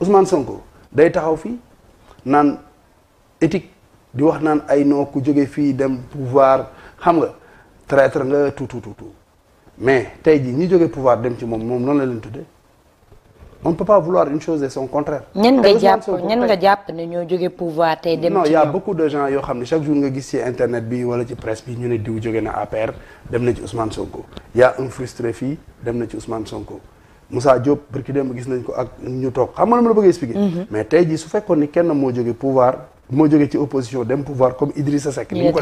Ousmane Sonko day taxaw fii naan éthique di wax naan ay noo ku jóge fii dem pouvoir xam nga traître nga tout tout tu mais tey jii ñi jóge pouvoir dem ci moom moom noonu la leen tuddee on ne peut pas vouloir une chose et son contraire. ñen nga jàpp ñen nga jàpp ne ñoo jóge pouvoir tey dem. ci non y' beaucoup de gens yoo xam ne chaque jour nga gis ci internet bi wala ci presse bi ñu ne diw jóge na APR dem na ci Ousmane Sonko y' a un fii dem na ci Ousmane Sonko. Moussa Diop barki démb gis nañ ko ak ñu toog xam nga lu la bëgg expliquer mhm. mais tey jii su fekkoon ni kenn moo jógee pouvoir moo jógee ci opposition dem pouvoir comme Idrissa Seck ni mu ko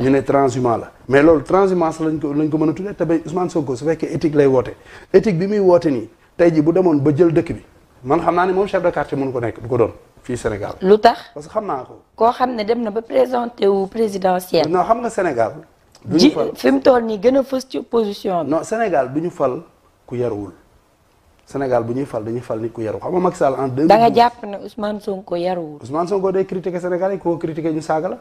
ñu ne transhumant la mais loolu transhumance lañ ko lañ ko mën a tuddee te ba Ousmane Sonko su fekkee éthique lay woote éthique bi muy woote nii tey jii bu demoon ba jël dëkk bi man xam naa ne moom chef de quartier mënu ko nekk du ko doon fii Sénégal lu tax parce que xam naa ko koo xam ne dem na ba présenté wu présidentiel non xam nga Sénégal ji fi mu toll nii gën a fës ci opposition bi non Sénégal du ñu fal ku Sénégal bu ñuy fal dañuy fal nit ku yaru xam nga Macky Sall en deux da nga jàpp ne Ousmane Sonko yaruwul. Ousmane Sonko day critiquer Sénégal yi ku ko critiquer ñu saaga la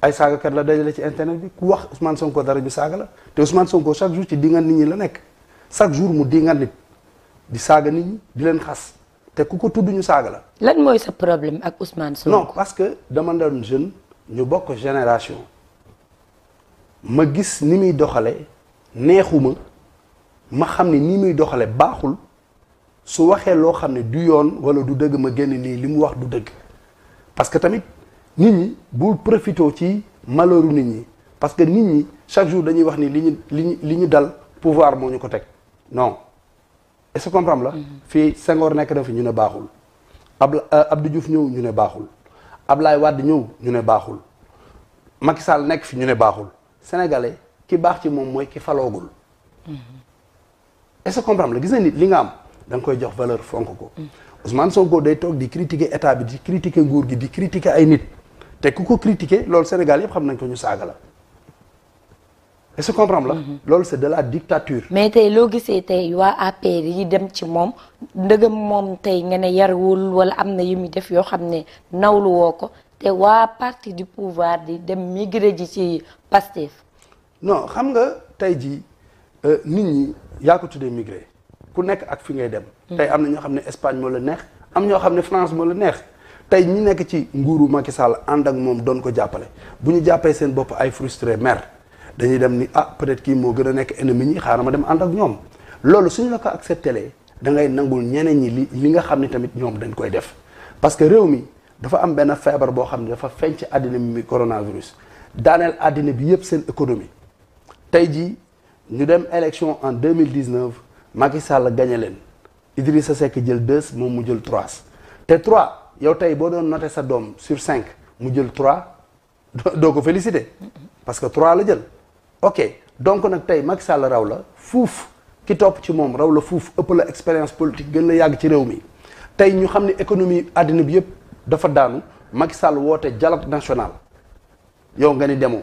ay saagakat la dajalee ci internet bi ku wax Ousmane Sonko dara ñu saaga la te Ousmane Sonko chaque jour ci dingan nit ñi la nekk chaque jour mu dingan nit di saaga nit ñi di leen xas te ku ko tudd ñu saaga la. lan mooy sa problème ak Ousmane Sonko. non parce que dama doon jeune ñu bokk génération ma gis ni muy doxale neexuma ma xam ne ni muy doxale baaxul. su waxee loo xam ne du yoon wala du dëgg ma génn nii li mu wax du dëgg parce que tamit nit ñi bul profité ci malheuru nit ñi parce que nit ñi chaque jour dañuy wax nii li ñu li ñu li ñu dal pouvoir moo ñu ko teg non est-ce la mm-hmm. fii Senghor nekk na fi ñu ne baaxul Ab euh, Abdou Diouf ñëw ñu ne baaxul Ablaye Wade ñëw ñu ne baaxul Macky Sall nekk fi ñu ne baaxul sénégalais ki baax ci moom mooy ki faloogul mm-hmm. est-ce la gis na nit li nga am da koy jox valeur fonk ko Ousmane Sonko day toog di critiquer état bi di critiquer nguur gi di critiquer ay nit te ku ko critiquer loolu Sénégal yëpp xam nañ ko ñu saaga la est-ce que la mhm. loolu c'est de la dictature mais tey loo gisee tey waa APR yi dem ci moom ndëgam moom tey nga ne yarwul wala am na yi muy def yoo xam ne nawlu woo ko te waa parti du pouvoir di dem migré ji ci Pastef no xam nga tey ji euh, nit ñi yaa ko tuddee migré ku nekk ak fi ngay dem. tey am na ñoo xam ne Espagne moo la neex am ñoo xam ne France moo la neex tey ñu nekk ci nguuru Macky Sall ànd ak moom doon ko jàppale bu ñu jàppee seen bopp ay frustré mer dañuy dem ni ah peut-être kii moo gën a nekk ennemi ñi xaaral ma dem ànd ak ñoom loolu suñu la ko accepté dangay ngay nangul ñeneen ñi li li nga xam ne tamit ñoom dañ koy def parce que réew mi dafa am benn feebar boo xam ne dafa feeñ ci àddina mi coronavirus daaneel àddina bi yëpp seen économie tey jii ñu dem élection en 2019 Macky Sall gagné leen sa Seck jël deux moom mu jël trois te trois yow tey boo doon noté sa doom sur cinq mu jël trois doo ko félicité parce que trois la jël ok donc nag tey Macky Sall raw la fuuf ki topp ci moom raw la fuuf ëpp la expérience politique gën la yàgg ci réew mi tey ñu xam ne économie àddina bi yëpp dafa daanu Macky Sall woote dialogue national yow nga ni demoo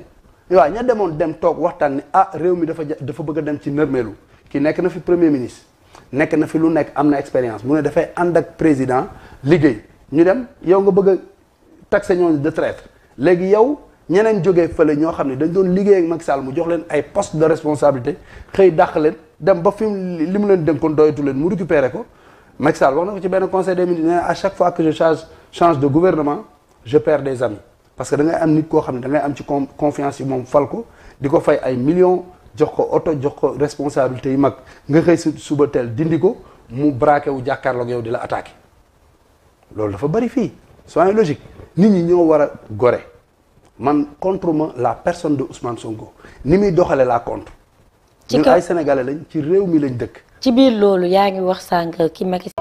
waaw ña demoon dem toog waxtaan ni ah réew mi dafa dafa bëgg a dem ci nërmeelu ki nekk na fi premier ministre nekk na fi lu nekk am na expérience mu ne dafay ànd ak président liggéey ñu dem yow nga bëgg a taxé ñooñu de traître léegi yow ñeneen jógee fële ñoo xam ne dañ doon liggéey ak Macky saal mu jox leen ay poste de responsabilité xëy dàq leen dem ba fi li mu leen dénkoon doyatu leen mu récupéré ko Macky Sall wax na ko ci benn conseil des ministres nee à chaque fois que je change change de gouvernement je perds des amis parce que da am nit koo xam ne da ngay am ci confiance yi moom fal ko di ko fay ay millions jox ko oto jox ko responsabilité yi mag nga xëy si suba teel dindi ko mu braqué wu jàkkaarloog yow di la attaque loolu dafa bëri fii soyez logique nit ñi ñoo war a gore man contre ma la personne de Ousmane Sonko ni muy doxale la contre. ci ay sénégalais lañ ci réew mi lañ dëkk. ci biir loolu yaa ngi wax sànq ki Macky